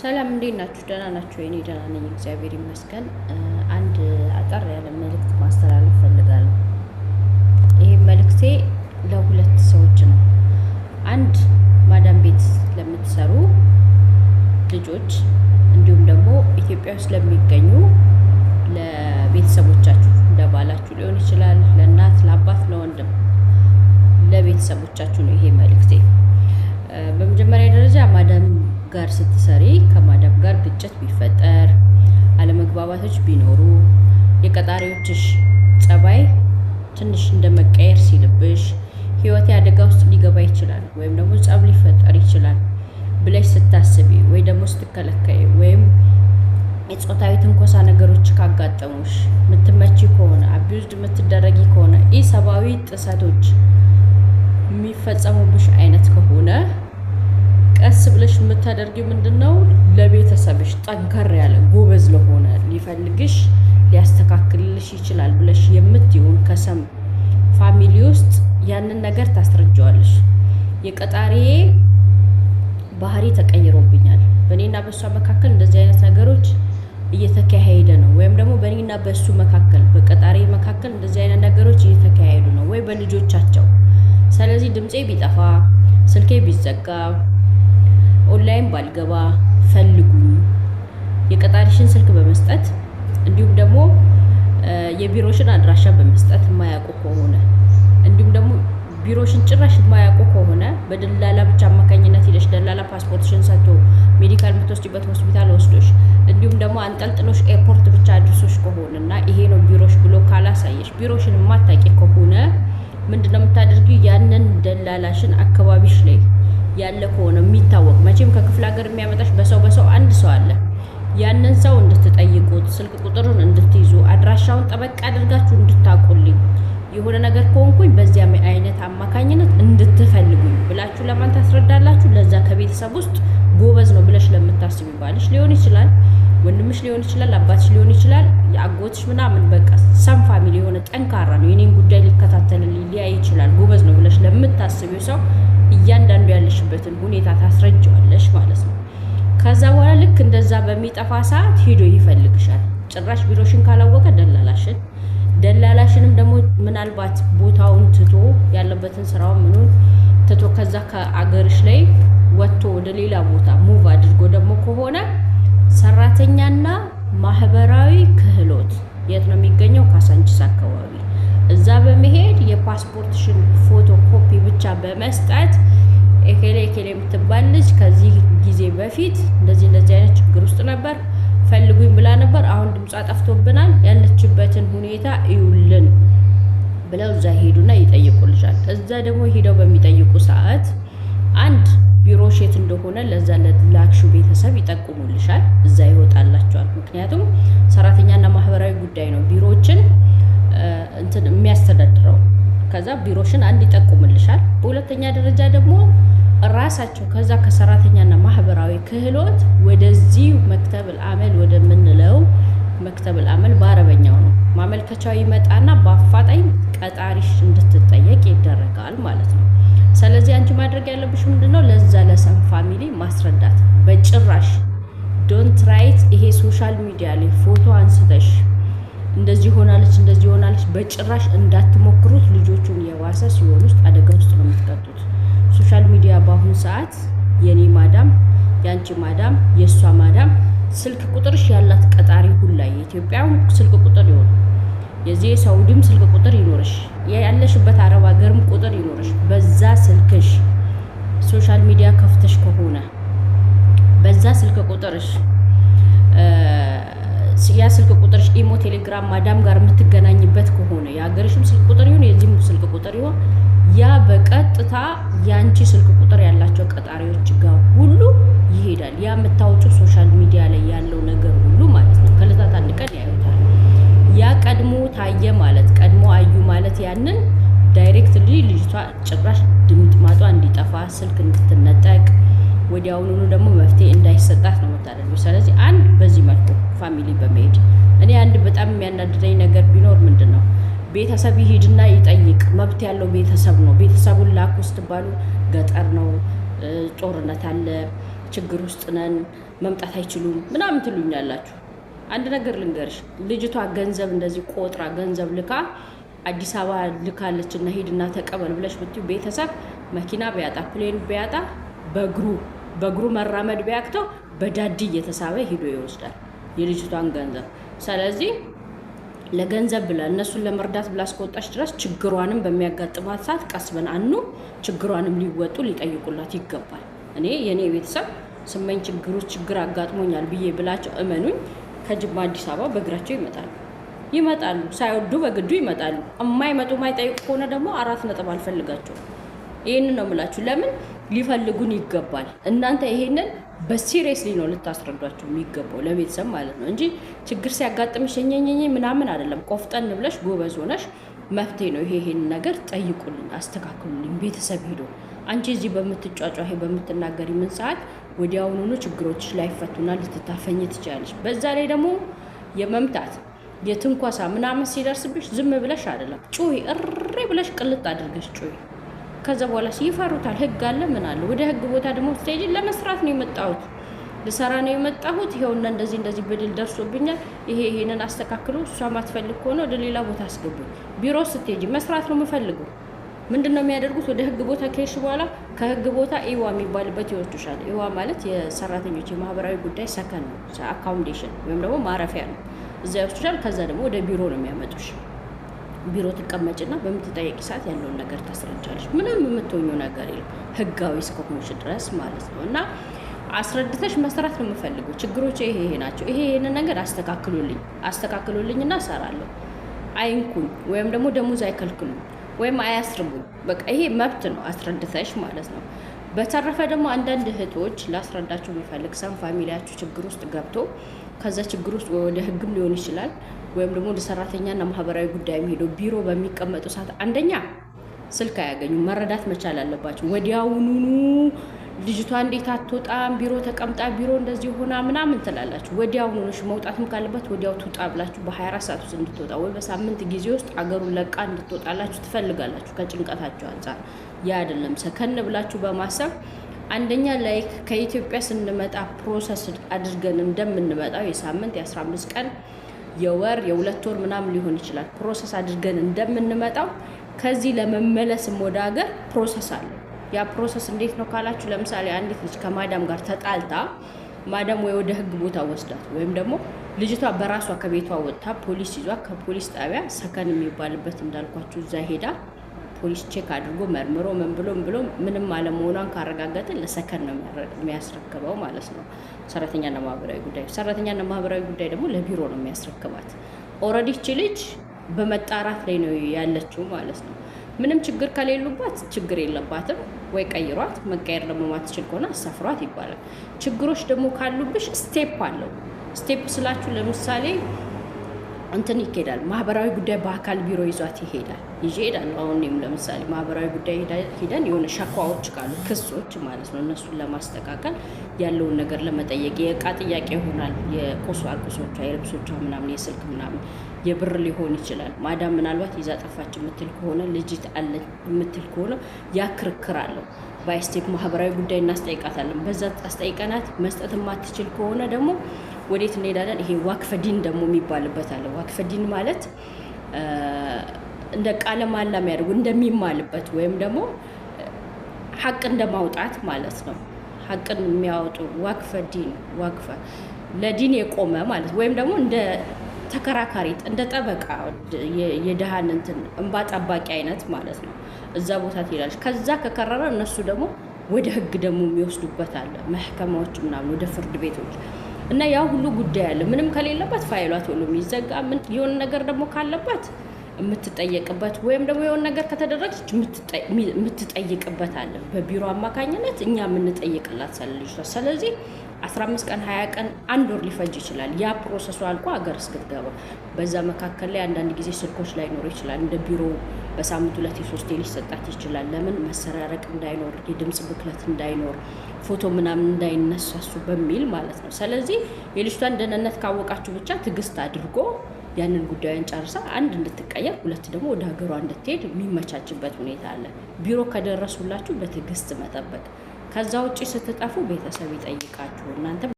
ሰላም እንዴት ናችሁ? ደህና ናችሁ? የኔ ደህና ነኝ፣ እግዚአብሔር ይመስገን። አንድ አጠር ያለ መልእክት ማስተላለፍ ፈልጋለሁ። ይህ መልእክቴ ለሁለት ሰዎች ነው። አንድ ማዳም ቤት ለምትሰሩ ልጆች እንዲሁም ደግሞ ኢትዮጵያ ውስጥ ለሚገኙ ለቤተሰቦቻችሁ፣ ለባላችሁ ሊሆን ይችላል፣ ለእናት፣ ለአባት፣ ለወንድም፣ ለቤተሰቦቻችሁ ነው ይሄ መልእክቴ። በመጀመሪያ ደረጃ ማዳም ጋር ስትሰሪ ከማዳም ጋር ግጭት ቢፈጠር፣ አለመግባባቶች ቢኖሩ፣ የቀጣሪዎችሽ ጸባይ ትንሽ እንደ መቀየር ሲልብሽ ህይወት አደጋ ውስጥ ሊገባ ይችላል ወይም ደግሞ ጸብ ሊፈጠር ይችላል ብለሽ ስታስቢ ወይ ደግሞ ስትከለከይ ወይም የጾታዊ ትንኮሳ ነገሮች ካጋጠሙሽ የምትመቺ ከሆነ አቢውዝድ የምትደረጊ ከሆነ ኢሰብአዊ ጥሰቶች የሚፈጸሙብሽ አይነት ከሆነ ቀስ ብለሽ የምታደርጊው ምንድን ነው? ለቤተሰብሽ ጠንከር ያለ ጎበዝ ለሆነ ሊፈልግሽ ሊያስተካክልልሽ ይችላል ብለሽ የምትይውን ከሰም ፋሚሊ ውስጥ ያንን ነገር ታስረጀዋለሽ። የቀጣሪዬ ባህሪ ተቀይሮብኛል፣ በእኔና በእሷ መካከል እንደዚህ አይነት ነገሮች እየተካሄደ ነው፣ ወይም ደግሞ በእኔና በእሱ መካከል በቀጣሪ መካከል እንደዚህ አይነት ነገሮች እየተካሄዱ ነው ወይ በልጆቻቸው። ስለዚህ ድምፄ ቢጠፋ ስልኬ ቢዘጋ ኦንላይን ባልገባ ፈልጉ፣ የቀጣሪሽን ስልክ በመስጠት እንዲሁም ደግሞ የቢሮሽን አድራሻ በመስጠት የማያውቁ ከሆነ እንዲሁም ደግሞ ቢሮሽን ጭራሽ የማያውቁ ከሆነ በደላላ ብቻ አማካኝነት ሄደሽ ደላላ ፓስፖርትሽን ሰጥቶ ሜዲካል የምትወስጂበት ሆስፒታል ወስዶሽ እንዲሁም ደግሞ አንጠልጥሎሽ ኤርፖርት ብቻ አድርሶሽ ከሆነ እና ይሄ ነው ቢሮሽ ብሎ ካላሳየሽ ቢሮሽን የማታውቂ ከሆነ ምንድነው የምታደርጊው? ያንን ደላላሽን አካባቢሽ ላይ ያለ ከሆነ የሚታወቅ መቼም ከክፍለ ሀገር የሚያመጣሽ በሰው በሰው አንድ ሰው አለ። ያንን ሰው እንድትጠይቁት ስልክ ቁጥሩን እንድትይዙ አድራሻውን ጠበቅ አድርጋችሁ እንድታቁልኝ የሆነ ነገር ከሆንኩኝ በዚያ አይነት አማካኝነት እንድትፈልጉኝ ብላችሁ ለማን ታስረዳላችሁ? ለዛ ከቤተሰብ ውስጥ ጎበዝ ነው ብለሽ ለምታስቢ ባልሽ ሊሆን ይችላል፣ ወንድምሽ ሊሆን ይችላል፣ አባትሽ ሊሆን ይችላል፣ የአጎትሽ ምናምን፣ በቃ ሰም ፋሚሊ የሆነ ጠንካራ ነው የኔን ጉዳይ ሊከታተልልኝ ሊያይ ይችላል፣ ጎበዝ ነው ብለሽ ለምታስቢው ሰው እያንዳንዱ ያለሽበትን ሁኔታ ታስረጅዋለሽ ማለት ነው። ከዛ በኋላ ልክ እንደዛ በሚጠፋ ሰዓት ሂዶ ይፈልግሻል። ጭራሽ ቢሮሽን ካላወቀ ደላላሽን ደላላሽንም ደግሞ ምናልባት ቦታውን ትቶ ያለበትን ስራውን ምኑን ትቶ ከዛ ከአገርሽ ላይ ወጥቶ ወደ ሌላ ቦታ ሙቭ አድርጎ ደግሞ ከሆነ ሰራተኛና ማህበራዊ ክህሎት የት ነው የሚገኘው? ካሳንችስ አካባቢ እዛ በመሄድ የፓስፖርትሽን ፎቶ ኮፒ ብቻ በመስጠት ኤኬሌ ኤኬሌ የምትባል ልጅ ከዚህ ጊዜ በፊት እንደዚህ እንደዚህ አይነት ችግር ውስጥ ነበር ፈልጉኝ ብላ ነበር። አሁን ድምጿ ጠፍቶብናል፣ ያለችበትን ሁኔታ እዩልን ብለው እዛ ሄዱና ይጠይቁልሻል። እዛ ደግሞ ሄደው በሚጠይቁ ሰዓት አንድ ቢሮ ሼት እንደሆነ ለዛ ለላክሹ ቤተሰብ ይጠቁሙልሻል። እዛ ይወጣላቸዋል። ምክንያቱም ሰራተኛና ማህበራዊ ጉዳይ ነው ቢሮዎችን እንትን የሚያስተዳድረው ከዛ ቢሮሽን አንድ ይጠቁምልሻል። በሁለተኛ ደረጃ ደግሞ ራሳቸው ከዛ ከሰራተኛና ማህበራዊ ክህሎት ወደዚህ መክተብ ልአመል ወደምንለው መክተብ ልአመል በአረበኛው ነው ማመልከቻው ይመጣና በአፋጣኝ ቀጣሪሽ እንድትጠየቅ ይደረጋል ማለት ነው። ስለዚህ አንቺ ማድረግ ያለብሽ ምንድን ነው? ለዛ ለሰም ፋሚሊ ማስረዳት በጭራሽ ዶንት ራይት ይሄ ሶሻል ሚዲያ ላይ ፎቶ አንስተሽ እንደዚህ ሆናለች፣ እንደዚህ ሆናለች፣ በጭራሽ እንዳትሞክሩት። ልጆቹን የባሰ ሲሆን ውስጥ አደጋ ውስጥ ነው የምትቀጡት። ሶሻል ሚዲያ በአሁኑ ሰዓት የኔ ማዳም፣ የአንቺ ማዳም፣ የእሷ ማዳም ስልክ ቁጥርሽ ያላት ቀጣሪ ሁላ የኢትዮጵያውን ስልክ ቁጥር ይሆን የዚህ የሳውዲም ስልክ ቁጥር ይኖርሽ ያለሽበት አረብ ሀገርም ቁጥር ይኖርሽ። በዛ ስልክሽ ሶሻል ሚዲያ ከፍተሽ ከሆነ በዛ ስልክ ቁጥርሽ ያ ስልክ ቁጥርሽ ኢሞ፣ ቴሌግራም ማዳም ጋር የምትገናኝበት ከሆነ የሀገርሽም ስልክ ቁጥር ይሁን የዚህም ስልክ ቁጥር ይሁን ያ በቀጥታ የአንቺ ስልክ ቁጥር ያላቸው ቀጣሪዎች ጋር ሁሉ ይሄዳል። ያ የምታወጪው ሶሻል ሚዲያ ላይ ያለው ነገር ሁሉ ማለት ነው። ከዕለታት አንድ ቀን ያዩታል። ያ ቀድሞ ታየ ማለት ቀድሞ አዩ ማለት ያንን ዳይሬክት ልጅቷ ጭራሽ ድምጥማጧ እንዲጠፋ ስልክ እንድትነጠቅ ወዲያውኑኑ ደግሞ መፍትሄ እንዳይሰጣት ነው የምታደርገው። ስለዚህ አንድ በዚህ መልኩ ፋሚሊ በመሄድ እኔ አንድ በጣም የሚያናድደኝ ነገር ቢኖር ምንድን ነው ቤተሰብ ይሄድና ይጠይቅ። መብት ያለው ቤተሰብ ነው። ቤተሰቡን ላኩ ስትባሉ ገጠር ነው፣ ጦርነት አለ፣ ችግር ውስጥ ነን፣ መምጣት አይችሉም ምናምን ትሉኛላችሁ። አንድ ነገር ልንገርሽ፣ ልጅቷ ገንዘብ እንደዚህ ቆጥራ ገንዘብ ልካ አዲስ አበባ ልካለች እና ሂድና ተቀበል ብለሽ ብትዩ ቤተሰብ መኪና ቢያጣ ፕሌን ቢያጣ በእግሩ በእግሩ መራመድ ቢያክተው በዳዲ እየተሳበ ሂዶ ይወስዳል የልጅቷን ገንዘብ። ስለዚህ ለገንዘብ ብላ እነሱን ለመርዳት ብላ እስከወጣች ድረስ ችግሯንም በሚያጋጥማት ሰዓት ቀስ በን አኑ ችግሯንም ሊወጡ ሊጠይቁላት ይገባል። እኔ የእኔ ቤተሰብ ስመኝ ችግሩ ችግር አጋጥሞኛል ብዬ ብላቸው እመኑኝ፣ ከጅማ አዲስ አበባ በእግራቸው ይመጣሉ ይመጣሉ። ሳይወዱ በግዱ ይመጣሉ። የማይመጡ ማይጠይቁ ከሆነ ደግሞ አራት ነጥብ አልፈልጋቸውም። ይህንን ነው የምላችሁ። ለምን ሊፈልጉን ይገባል። እናንተ ይሄንን በሲሪየስሊ ነው ልታስረዷቸው የሚገባው ለቤተሰብ ማለት ነው እንጂ ችግር ሲያጋጥምሽ ኘኘኝ ምናምን አይደለም። ቆፍጠን ብለሽ ጎበዝ ሆነሽ መፍትሄ ነው ይሄ። ይሄን ነገር ጠይቁልን፣ አስተካክሉልኝ። ቤተሰብ ሄዶ አንቺ እዚህ በምትጫጫ ይሄ በምትናገሪ ምን ሰዓት ወዲያውኑኑ ችግሮች ላይፈቱና ልትታፈኝ ትችላለች። በዛ ላይ ደግሞ የመምታት የትንኳሳ ምናምን ሲደርስብሽ ዝም ብለሽ አይደለም ጩሂ፣ እሬ ብለሽ ቅልጥ አድርገሽ ጩሂ። ከዛ በኋላ ይፈሩታል። ህግ አለ ምን አለ። ወደ ህግ ቦታ ደግሞ ስቴጅ ለመስራት ነው የመጣሁት ልሰራ ነው የመጣሁት። ይኸውና እንደዚህ እንደዚህ በድል ደርሶብኛል፣ ይሄ ይሄንን አስተካክሉ፣ እሷ ማትፈልግ ከሆነ ወደ ሌላ ቦታ አስገቡኝ። ቢሮ ስቴጅ መስራት ነው የምፈልገው። ምንድን ነው የሚያደርጉት? ወደ ህግ ቦታ ከሄድሽ በኋላ ከህግ ቦታ ኢዋ የሚባልበት ይወስዱሻል። ኢዋ ማለት የሰራተኞች የማህበራዊ ጉዳይ ሰከን ነው፣ አካውንዴሽን ወይም ደግሞ ማረፊያ ነው። እዛ ይወስዱሻል። ከዛ ደግሞ ወደ ቢሮ ነው የሚያመጡሽ። ቢሮ ትቀመጭና በምትጠየቂ ሰዓት ያለውን ነገር ታስረጃለች። ምንም የምትሆኙ ነገር የለም ህጋዊ እስከሆንሽ ድረስ ማለት ነው እና አስረድተሽ መስራት ነው የምፈልገው። ችግሮች ይሄ ይሄ ናቸው። ይሄ ይሄንን ነገር አስተካክሉልኝ አስተካክሉልኝ እና እሰራለሁ። አይንኩኝ ወይም ደግሞ ደሞዝ አይከልክሉኝ ወይም አያስርቡኝ። በቃ ይሄ መብት ነው አስረድተሽ ማለት ነው። በተረፈ ደግሞ አንዳንድ እህቶች ላስረዳቸው የሚፈልግ ሰን ፋሚሊያችሁ ችግር ውስጥ ገብቶ ከዛ ችግር ውስጥ ወደ ህግም ሊሆን ይችላል ወይም ደግሞ ወደ ሰራተኛና ማህበራዊ ጉዳይ የሚሄደው ቢሮ በሚቀመጡ ሰዓት አንደኛ ስልክ አያገኙ መረዳት መቻል አለባቸው። ወዲያውኑኑ ልጅቷ እንዴት አትወጣም? ቢሮ ተቀምጣ ቢሮ እንደዚህ ሆና ምናምን ትላላችሁ። ወዲያውኑ ነሽ መውጣትም ካለባት ወዲያው ትውጣ ብላችሁ በ24 ሰዓት ውስጥ እንድትወጣ ወይ በሳምንት ጊዜ ውስጥ አገሩን ለቃ እንድትወጣላችሁ ትፈልጋላችሁ። ከጭንቀታቸው አንጻር ያ አይደለም። ሰከን ብላችሁ በማሰብ አንደኛ ላይክ ከኢትዮጵያ ስንመጣ ፕሮሰስ አድርገን እንደምንመጣው የሳምንት የ15 ቀን የወር የሁለት ወር ምናምን ሊሆን ይችላል። ፕሮሰስ አድርገን እንደምንመጣው ከዚህ ለመመለስም ወደ ሀገር ፕሮሰስ አለ። ያ ፕሮሰስ እንዴት ነው ካላችሁ፣ ለምሳሌ አንዲት ልጅ ከማዳም ጋር ተጣልታ ማዳም ወይ ወደ ህግ ቦታ ወስዳት ወይም ደግሞ ልጅቷ በራሷ ከቤቷ ወጥታ ፖሊስ ይዟ ከፖሊስ ጣቢያ ሰከን የሚባልበት እንዳልኳችሁ እዛ ሄዳ ፖሊስ ቼክ አድርጎ መርምሮ ምን ብሎ ብሎ ምንም አለመሆኗን ካረጋገጠ ለሰከን ነው የሚያስረክበው ማለት ነው። ሰራተኛና ማህበራዊ ጉዳይ ሰራተኛና ማህበራዊ ጉዳይ ደግሞ ለቢሮ ነው የሚያስረክባት። ኦልሬዲ ይቺ ልጅ በመጣራት ላይ ነው ያለችው ማለት ነው። ምንም ችግር ከሌሉባት ችግር የለባትም ወይ ቀይሯት፣ መቀየር ደግሞ ማትችል ከሆነ አሳፍሯት ይባላል። ችግሮች ደግሞ ካሉብሽ ስቴፕ አለው። ስቴፕ ስላችሁ ለምሳሌ እንትን ይሄዳል። ማህበራዊ ጉዳይ በአካል ቢሮ ይዟት ይሄዳል። ይዤ እሄዳለሁ። አሁን እኔም ለምሳሌ ማህበራዊ ጉዳይ ሄደን የሆነ ሸኳዎች ካሉ ክሶች ማለት ነው እነሱን ለማስተካከል ያለውን ነገር ለመጠየቅ የእቃ ጥያቄ ይሆናል። የቆሶ አልቆሶቿ፣ የልብሶቿ ምናምን፣ የስልክ ምናምን፣ የብር ሊሆን ይችላል። ማዳም ምናልባት ይዛ ጠፋች የምትል ከሆነ ልጅት አለ የምትል ከሆነ ያክርክር አለው። ባይስቴፕ ማህበራዊ ጉዳይ እናስጠይቃታለን። በዛ አስጠይቀናት መስጠት የማትችል ከሆነ ደግሞ ወዴት እንሄዳለን? ይሄ ዋክፈዲን ደግሞ የሚባልበት አለ። ዋክፈዲን ማለት እንደ ቃለ ማላ የሚያደርጉ እንደሚማልበት ወይም ደግሞ ሀቅ እንደማውጣት ማለት ነው። ሀቅን የሚያወጡ ዋክፈ ዲን ዋክፈ ለዲን የቆመ ማለት ወይም ደግሞ እንደ ተከራካሪ እንደ ጠበቃ የድሃን እንትን እንባ ጠባቂ አይነት ማለት ነው። እዛ ቦታ ትሄዳለች። ከዛ ከከረረ እነሱ ደግሞ ወደ ህግ ደግሞ የሚወስዱበት አለ መህከማዎች ምናምን ወደ ፍርድ ቤቶች እና ያ ሁሉ ጉዳይ አለ። ምንም ከሌለባት ፋይሏ ቶሎ የሚዘጋ የሆነ ነገር ደግሞ ካለባት የምትጠየቅበት ወይም ደግሞ የሆነ ነገር ከተደረገች የምትጠይቅበት አለ። በቢሮ አማካኝነት እኛ የምንጠይቅላት ሰልጅ ስለዚህ 15 ቀን 20 ቀን አንድ ወር ሊፈጅ ይችላል። ያ ፕሮሰሱ አልቆ ሀገር እስክትገባ በዛ መካከል ላይ አንዳንድ ጊዜ ስልኮች ላይኖር ይችላል እንደ ቢሮው በሳምንት ሁለት የሶስቴ ሊሰጣት ይችላል። ለምን መሰራረቅ እንዳይኖር፣ የድምፅ ብክለት እንዳይኖር፣ ፎቶ ምናምን እንዳይነሳሱ በሚል ማለት ነው። ስለዚህ የልጅቷን ደህንነት ካወቃችሁ ብቻ ትዕግስት አድርጎ ያንን ጉዳዩን ጨርሳ አንድ እንድትቀየር፣ ሁለት ደግሞ ወደ ሀገሯ እንድትሄድ የሚመቻችበት ሁኔታ አለ። ቢሮ ከደረሱላችሁ በትዕግስት መጠበቅ። ከዛ ውጭ ስትጠፉ ቤተሰብ ይጠይቃችሁ እናንተ